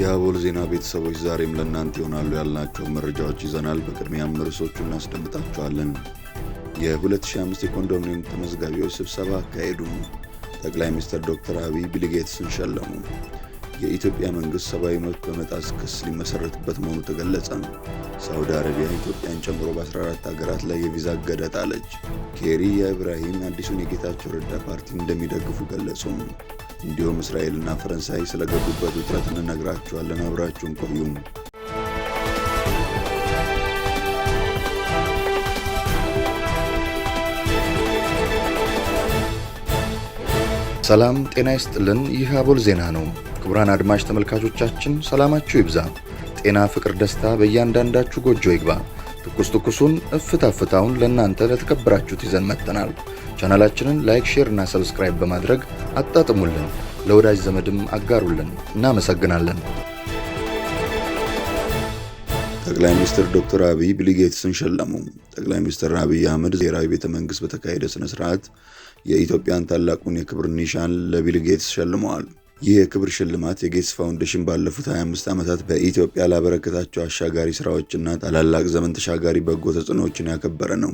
የአቦል ዜና ቤተሰቦች ዛሬም ለእናንተ ይሆናሉ ያልናቸው መረጃዎች ይዘናል። በቅድሚያም ርዕሶቹ እናስደምጣቸዋለን። የ2005 የኮንዶሚኒየም ተመዝጋቢዎች ስብሰባ አካሄዱ። ጠቅላይ ሚኒስትር ዶክተር አብይ ቢልጌትስን ሸለሙ። የኢትዮጵያ መንግሥት ሰብአዊ መብት በመጣስ ክስ ሊመሰረትበት መሆኑ ተገለጸ። ሳውዲ አረቢያ ኢትዮጵያን ጨምሮ በ14 ሀገራት ላይ የቪዛ እገዳ ጣለች። ኬሪ የኢብራሂም አዲሱን የጌታቸው ረዳ ፓርቲ እንደሚደግፉ ገለጹ። እንዲሁም እስራኤልና ፈረንሳይ ስለገቡበት ውጥረት እንነግራችኋለን። አብራችሁን ቆዩም። ሰላም ጤና ይስጥልን። ይህ አቦል ዜና ነው። ክቡራን አድማጭ ተመልካቾቻችን ሰላማችሁ ይብዛ፣ ጤና፣ ፍቅር፣ ደስታ በእያንዳንዳችሁ ጎጆ ይግባ። ትኩስ ትኩሱን እፍታ ፍታውን ለእናንተ ለተከበራችሁት ይዘን መጥተናል። ቻናላችንን ላይክ፣ ሼር እና ሰብስክራይብ በማድረግ አጣጥሙልን፣ ለወዳጅ ዘመድም አጋሩልን። እናመሰግናለን። ጠቅላይ ሚኒስትር ዶክተር አብይ ቢል ጌትስን ሸለሙ። ጠቅላይ ሚኒስትር አብይ አህመድ ብሔራዊ ቤተ መንግስት በተካሄደ ስነ ስርዓት የኢትዮጵያን ታላቁን የክብር ኒሻን ለቢል ጌትስ ሸልመዋል። ይህ የክብር ሽልማት የጌትስ ፋውንዴሽን ባለፉት 25 ዓመታት በኢትዮጵያ ላበረከታቸው አሻጋሪ ስራዎችና ታላላቅ ዘመን ተሻጋሪ በጎ ተጽዕኖዎችን ያከበረ ነው።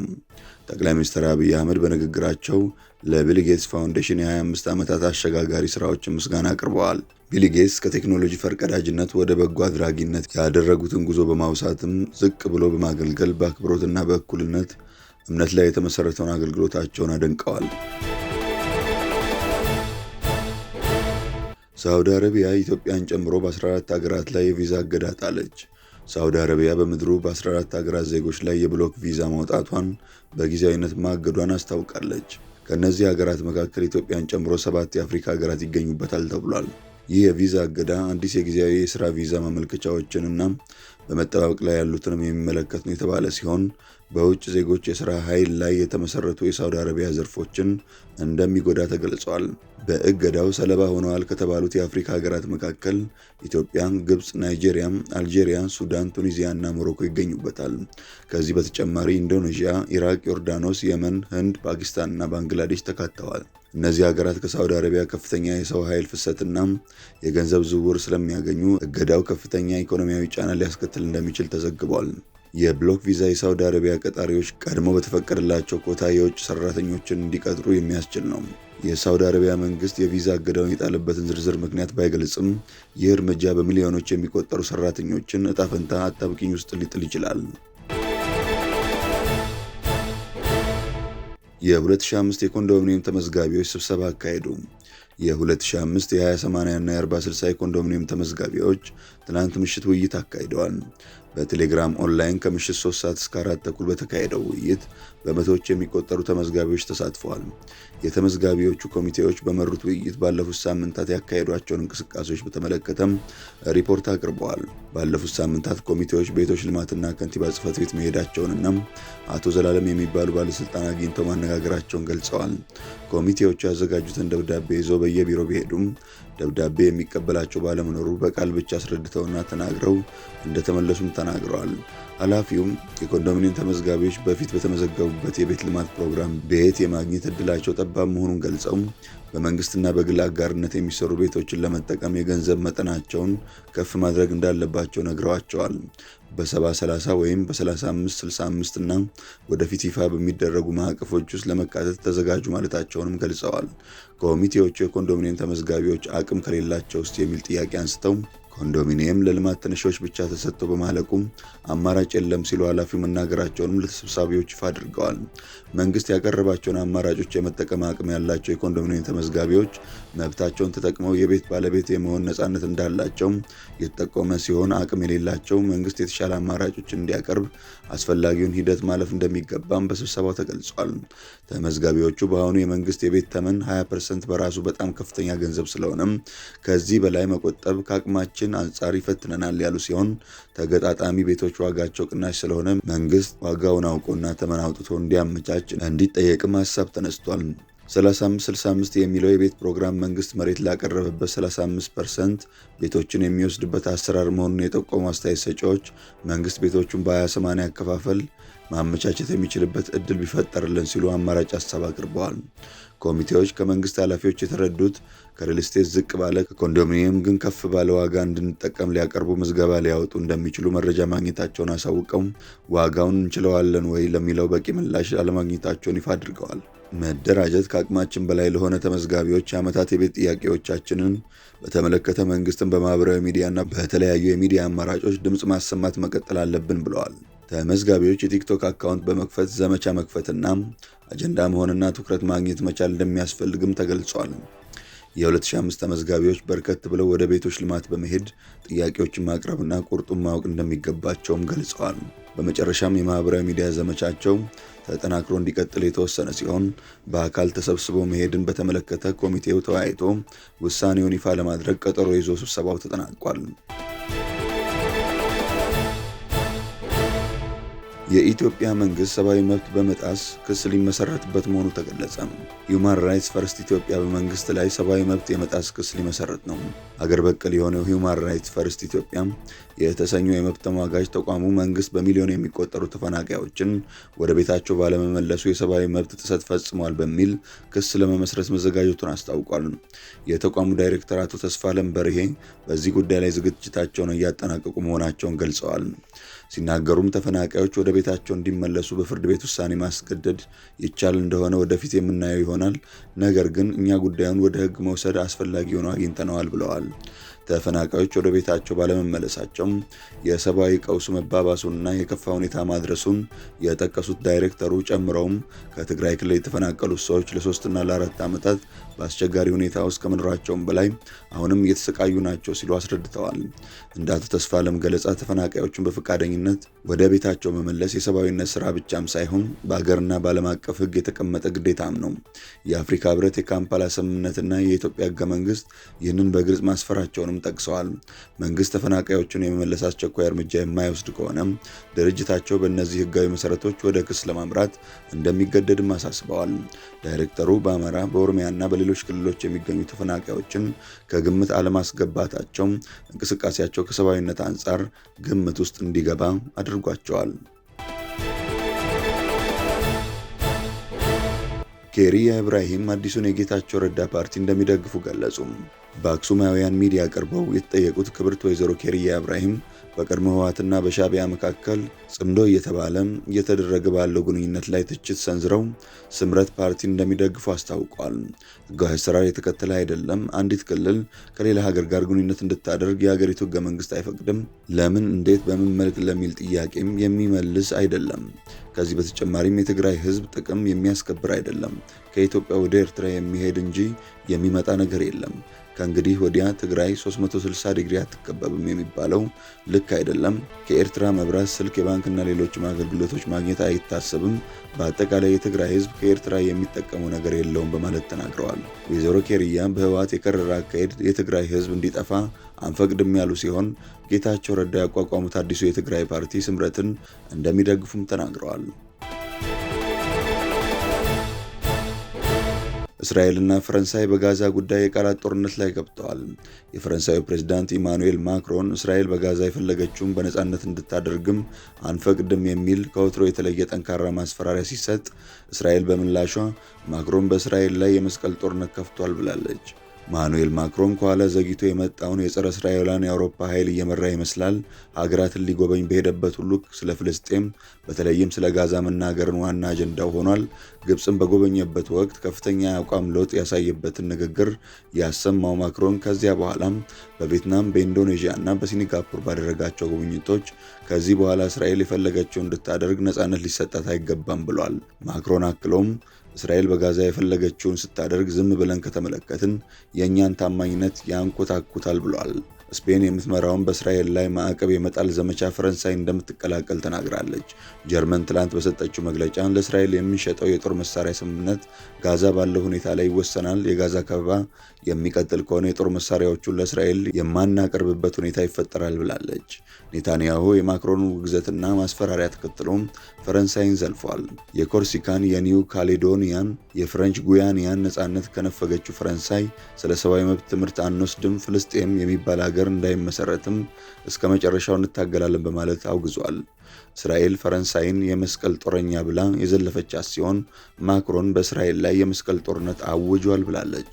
ጠቅላይ ሚኒስትር አብይ አህመድ በንግግራቸው ለቢል ጌትስ ፋውንዴሽን የ25 ዓመታት አሸጋጋሪ ስራዎችን ምስጋና አቅርበዋል። ቢል ጌትስ ከቴክኖሎጂ ፈርቀዳጅነት ወደ በጎ አድራጊነት ያደረጉትን ጉዞ በማውሳትም ዝቅ ብሎ በማገልገል በአክብሮትና በእኩልነት እምነት ላይ የተመሠረተውን አገልግሎታቸውን አደንቀዋል። ሳውዲ አረቢያ ኢትዮጵያን ጨምሮ በ14 ሀገራት ላይ የቪዛ እገዳ ጣለች። ሳውዲ አረቢያ በምድሩ በ14 ሀገራት ዜጎች ላይ የብሎክ ቪዛ ማውጣቷን በጊዜያዊነት ማገዷን አስታውቃለች። ከእነዚህ ሀገራት መካከል ኢትዮጵያን ጨምሮ ሰባት የአፍሪካ ሀገራት ይገኙበታል ተብሏል። ይህ የቪዛ እገዳ አዲስ የጊዜያዊ የስራ ቪዛ ማመልከቻዎችንና በመጠባበቅ ላይ ያሉትንም የሚመለከት ነው የተባለ ሲሆን በውጭ ዜጎች የስራ ኃይል ላይ የተመሰረቱ የሳውዲ አረቢያ ዘርፎችን እንደሚጎዳ ተገልጿል። በእገዳው ሰለባ ሆነዋል ከተባሉት የአፍሪካ ሀገራት መካከል ኢትዮጵያ፣ ግብፅ፣ ናይጄሪያ፣ አልጄሪያ፣ ሱዳን፣ ቱኒዚያ እና ሞሮኮ ይገኙበታል። ከዚህ በተጨማሪ ኢንዶኔዥያ፣ ኢራቅ፣ ዮርዳኖስ፣ የመን፣ ህንድ፣ ፓኪስታን እና ባንግላዴሽ ተካተዋል። እነዚህ ሀገራት ከሳውዲ አረቢያ ከፍተኛ የሰው ኃይል ፍሰትና የገንዘብ ዝውውር ስለሚያገኙ እገዳው ከፍተኛ ኢኮኖሚያዊ ጫና ሊያስከትል እንደሚችል ተዘግቧል። የብሎክ ቪዛ የሳውዲ አረቢያ ቀጣሪዎች ቀድሞ በተፈቀደላቸው ኮታ የውጭ ሰራተኞችን እንዲቀጥሩ የሚያስችል ነው። የሳውዲ አረቢያ መንግስት የቪዛ እገዳውን የጣለበትን ዝርዝር ምክንያት ባይገልጽም ይህ እርምጃ በሚሊዮኖች የሚቆጠሩ ሰራተኞችን እጣፈንታ አጣብቂኝ ውስጥ ሊጥል ይችላል። የ2005 የኮንዶሚኒየም ተመዝጋቢዎች ስብሰባ አካሄዱ። የ2005 የ20/80 እና የ40/60 የኮንዶሚኒየም ተመዝጋቢዎች ትናንት ምሽት ውይይት አካሂደዋል። በቴሌግራም ኦንላይን ከምሽት 3 ሰዓት እስከ 4 ተኩል በተካሄደው ውይይት በመቶዎች የሚቆጠሩ ተመዝጋቢዎች ተሳትፈዋል። የተመዝጋቢዎቹ ኮሚቴዎች በመሩት ውይይት ባለፉት ሳምንታት ያካሄዷቸውን እንቅስቃሴዎች በተመለከተም ሪፖርት አቅርበዋል። ባለፉት ሳምንታት ኮሚቴዎች ቤቶች ልማትና ከንቲባ ጽህፈት ቤት መሄዳቸውንና አቶ ዘላለም የሚባሉ ባለስልጣን አግኝተው ማነጋገራቸውን ገልጸዋል። ኮሚቴዎቹ ያዘጋጁትን ደብዳቤ ይዘው በየቢሮ ቢሄዱም ደብዳቤ የሚቀበላቸው ባለመኖሩ በቃል ብቻ አስረድተውና ተናግረው እንደተመለሱም ተናግረዋል። ኃላፊውም የኮንዶሚኒየም ተመዝጋቢዎች በፊት በተመዘገቡበት የቤት ልማት ፕሮግራም ቤት የማግኘት እድላቸው ጠባብ መሆኑን ገልጸው በመንግስትና በግል አጋርነት የሚሰሩ ቤቶችን ለመጠቀም የገንዘብ መጠናቸውን ከፍ ማድረግ እንዳለባቸው ነግረዋቸዋል። በ 7030 30 ወይም በ 3565 እና ወደፊት ይፋ በሚደረጉ ማዕቀፎች ውስጥ ለመካተት ተዘጋጁ ማለታቸውንም ገልጸዋል። ኮሚቴዎቹ የኮንዶሚኒየም ተመዝጋቢዎች አቅም ከሌላቸው ውስጥ የሚል ጥያቄ አንስተው ኮንዶሚኒየም ለልማት ትንሾች ብቻ ተሰጥቶ በማለቁም አማራጭ የለም ሲሉ ኃላፊው መናገራቸውንም ለተሰብሳቢዎች ይፋ አድርገዋል። መንግስት ያቀረባቸውን አማራጮች የመጠቀም አቅም ያላቸው የኮንዶሚኒየም ተመዝጋቢዎች መብታቸውን ተጠቅመው የቤት ባለቤት የመሆን ነጻነት እንዳላቸው የተጠቆመ ሲሆን አቅም የሌላቸው መንግስት የተሻለ አማራጮች እንዲያቀርብ አስፈላጊውን ሂደት ማለፍ እንደሚገባም በስብሰባው ተገልጿል። ተመዝጋቢዎቹ በአሁኑ የመንግስት የቤት ተመን 20 ፐርሰንት በራሱ በጣም ከፍተኛ ገንዘብ ስለሆነም ከዚህ በላይ መቆጠብ ከአቅማቸው ቤቶችን አንጻር ይፈትነናል ያሉ ሲሆን ተገጣጣሚ ቤቶች ዋጋቸው ቅናሽ ስለሆነ መንግስት ዋጋውን አውቆና ተመን አውጥቶ እንዲያመቻች እንዲጠየቅም ሀሳብ ተነስቷል። 3565 የሚለው የቤት ፕሮግራም መንግስት መሬት ላቀረበበት 35 ፐርሰንት ቤቶችን የሚወስድበት አሰራር መሆኑን የጠቆሙ አስተያየት ሰጪዎች መንግስት ቤቶቹን በ 28 ያከፋፈል ማመቻቸት የሚችልበት እድል ቢፈጠርልን ሲሉ አማራጭ ሀሳብ አቅርበዋል። ኮሚቴዎች ከመንግስት ኃላፊዎች የተረዱት ከሪል ስቴት ዝቅ ባለ ከኮንዶሚኒየም ግን ከፍ ባለ ዋጋ እንድንጠቀም ሊያቀርቡ ምዝገባ ሊያወጡ እንደሚችሉ መረጃ ማግኘታቸውን አሳውቀው ዋጋውን እንችለዋለን ወይ ለሚለው በቂ ምላሽ አለማግኘታቸውን ይፋ አድርገዋል። መደራጀት ከአቅማችን በላይ ለሆነ ተመዝጋቢዎች የዓመታት የቤት ጥያቄዎቻችንን በተመለከተ መንግስትን በማህበራዊ ሚዲያና በተለያዩ የሚዲያ አማራጮች ድምፅ ማሰማት መቀጠል አለብን ብለዋል። ተመዝጋቢዎች የቲክቶክ አካውንት በመክፈት ዘመቻ መክፈትና አጀንዳ መሆንና ትኩረት ማግኘት መቻል እንደሚያስፈልግም ተገልጿል። የ2005 ተመዝጋቢዎች በርከት ብለው ወደ ቤቶች ልማት በመሄድ ጥያቄዎችን ማቅረብና ቁርጡን ማወቅ እንደሚገባቸውም ገልጸዋል። በመጨረሻም የማህበራዊ ሚዲያ ዘመቻቸው ተጠናክሮ እንዲቀጥል የተወሰነ ሲሆን በአካል ተሰብስቦ መሄድን በተመለከተ ኮሚቴው ተወያይቶ ውሳኔውን ይፋ ለማድረግ ቀጠሮ ይዞ ስብሰባው ተጠናቋል። የኢትዮጵያ መንግስት ሰብአዊ መብት በመጣስ ክስ ሊመሰረትበት መሆኑ ተገለጸ። ሁማን ራይትስ ፈርስት ኢትዮጵያ በመንግስት ላይ ሰብአዊ መብት የመጣስ ክስ ሊመሰረት ነው። አገር በቀል የሆነው ሁማን ራይትስ ፈርስት ኢትዮጵያ የተሰኘው የመብት ተሟጋጅ ተቋሙ መንግስት በሚሊዮን የሚቆጠሩ ተፈናቃዮችን ወደ ቤታቸው ባለመመለሱ የሰብአዊ መብት ጥሰት ፈጽሟል በሚል ክስ ለመመስረት መዘጋጀቱን አስታውቋል። የተቋሙ ዳይሬክተር አቶ ተስፋለም በርሄ በዚህ ጉዳይ ላይ ዝግጅታቸውን እያጠናቀቁ መሆናቸውን ገልጸዋል። ሲናገሩም ተፈናቃዮች ወደ ቤታቸው እንዲመለሱ በፍርድ ቤት ውሳኔ ማስገደድ ይቻል እንደሆነ ወደፊት የምናየው ይሆናል። ነገር ግን እኛ ጉዳዩን ወደ ህግ መውሰድ አስፈላጊ ሆኖ አግኝተነዋል ብለዋል። ተፈናቃዮች ወደ ቤታቸው ባለመመለሳቸውም የሰብአዊ ቀውሱ መባባሱንና የከፋ ሁኔታ ማድረሱን የጠቀሱት ዳይሬክተሩ ጨምረውም ከትግራይ ክልል የተፈናቀሉት ሰዎች ለሶስትና ለአራት ዓመታት በአስቸጋሪ ሁኔታ ውስጥ ከመኖራቸውም በላይ አሁንም እየተሰቃዩ ናቸው ሲሉ አስረድተዋል። እንደ አቶ ተስፋ ለም ገለጻ ተፈናቃዮቹን በፈቃደኝነት ወደ ቤታቸው መመለስ የሰብአዊነት ስራ ብቻም ሳይሆን በአገርና በዓለም አቀፍ ሕግ የተቀመጠ ግዴታም ነው። የአፍሪካ ህብረት የካምፓላ ስምምነትና የኢትዮጵያ ህገ መንግስት ይህንን በግልጽ ማስፈራቸውን መሆኑንም ጠቅሰዋል። መንግስት ተፈናቃዮቹን የመመለስ አስቸኳይ እርምጃ የማይወስድ ከሆነም ድርጅታቸው በእነዚህ ህጋዊ መሰረቶች ወደ ክስ ለማምራት እንደሚገደድም አሳስበዋል። ዳይሬክተሩ በአማራ በኦሮሚያና በሌሎች ክልሎች የሚገኙ ተፈናቃዮችን ከግምት አለማስገባታቸው እንቅስቃሴያቸው ከሰብአዊነት አንጻር ግምት ውስጥ እንዲገባ አድርጓቸዋል። ኬሪያ ኢብራሂም አዲሱን የጌታቸው ረዳ ፓርቲ እንደሚደግፉ ገለጹ። በአክሱማውያን ሚዲያ ቀርበው የተጠየቁት ክብርት ወይዘሮ ኬሪያ ኢብራሂም በቀድሞ ህወሓትና በሻቢያ መካከል ጽምዶ እየተባለ እየተደረገ ባለው ግንኙነት ላይ ትችት ሰንዝረው ስምረት ፓርቲ እንደሚደግፉ አስታውቋል። ህጋዊ አሰራር የተከተለ አይደለም፣ አንዲት ክልል ከሌላ ሀገር ጋር ግንኙነት እንድታደርግ የሀገሪቱ ህገ መንግስት አይፈቅድም፣ ለምን፣ እንዴት፣ በምን መልክ ለሚል ጥያቄም የሚመልስ አይደለም። ከዚህ በተጨማሪም የትግራይ ህዝብ ጥቅም የሚያስከብር አይደለም። ከኢትዮጵያ ወደ ኤርትራ የሚሄድ እንጂ የሚመጣ ነገር የለም። ከእንግዲህ ወዲያ ትግራይ 360 ዲግሪ አትከበብም የሚባለው ልክ አይደለም። ከኤርትራ መብራት፣ ስልክ፣ የባንክና ሌሎችም አገልግሎቶች ማግኘት አይታሰብም። በአጠቃላይ የትግራይ ህዝብ ከኤርትራ የሚጠቀመው ነገር የለውም በማለት ተናግረዋል። ወይዘሮ ኬርያ በህወሓት የከረረ አካሄድ የትግራይ ህዝብ እንዲጠፋ አንፈቅድም ያሉ ሲሆን ጌታቸው ረዳ ያቋቋሙት አዲሱ የትግራይ ፓርቲ ስምረትን እንደሚደግፉም ተናግረዋል። እስራኤልና ፈረንሳይ በጋዛ ጉዳይ የቃላት ጦርነት ላይ ገብተዋል። የፈረንሳዩ ፕሬዚዳንት ኢማኑኤል ማክሮን እስራኤል በጋዛ የፈለገችውን በነፃነት እንድታደርግም አንፈቅድም የሚል ከወትሮ የተለየ ጠንካራ ማስፈራሪያ ሲሰጥ፣ እስራኤል በምላሿ ማክሮን በእስራኤል ላይ የመስቀል ጦርነት ከፍቷል ብላለች። ማኑኤል ማክሮን ከኋላ ዘግይቶ የመጣውን የጸረ እስራኤላን የአውሮፓ ኃይል እየመራ ይመስላል። ሀገራትን ሊጎበኝ በሄደበት ሁሉ ስለ ፍልስጤም በተለይም ስለ ጋዛ መናገርን ዋና አጀንዳው ሆኗል። ግብፅን በጎበኘበት ወቅት ከፍተኛ የአቋም ለውጥ ያሳየበትን ንግግር ያሰማው ማክሮን ከዚያ በኋላም በቪየትናም፣ በኢንዶኔዥያ እና በሲንጋፖር ባደረጋቸው ጉብኝቶች ከዚህ በኋላ እስራኤል የፈለገችው እንድታደርግ ነፃነት ሊሰጣት አይገባም ብሏል። ማክሮን አክሎም እስራኤል በጋዛ የፈለገችውን ስታደርግ ዝም ብለን ከተመለከትን የእኛን ታማኝነት ያንኮታኩታል ብሏል። ስፔን የምትመራውን በእስራኤል ላይ ማዕቀብ የመጣል ዘመቻ ፈረንሳይ እንደምትቀላቀል ተናግራለች። ጀርመን ትላንት በሰጠችው መግለጫ ለእስራኤል የሚሸጠው የጦር መሳሪያ ስምምነት ጋዛ ባለው ሁኔታ ላይ ይወሰናል። የጋዛ ከበባ የሚቀጥል ከሆነ የጦር መሳሪያዎቹን ለእስራኤል የማናቀርብበት ሁኔታ ይፈጠራል ብላለች። ኔታንያሁ የማክሮን ውግዘትና ማስፈራሪያ ተከትሎም ፈረንሳይን ዘልፏል። የኮርሲካን፣ የኒው ካሌዶኒያን፣ የፍረንች ጉያኒያን ነጻነት ከነፈገችው ፈረንሳይ ስለ ሰብአዊ መብት ትምህርት አንወስድም፣ ፍልስጤም የሚባል ሀገር ሀገር እንዳይመሰረትም እስከ መጨረሻው እንታገላለን በማለት አውግዟል። እስራኤል ፈረንሳይን የመስቀል ጦረኛ ብላ የዘለፈቻት ሲሆን ማክሮን በእስራኤል ላይ የመስቀል ጦርነት አውጇል ብላለች።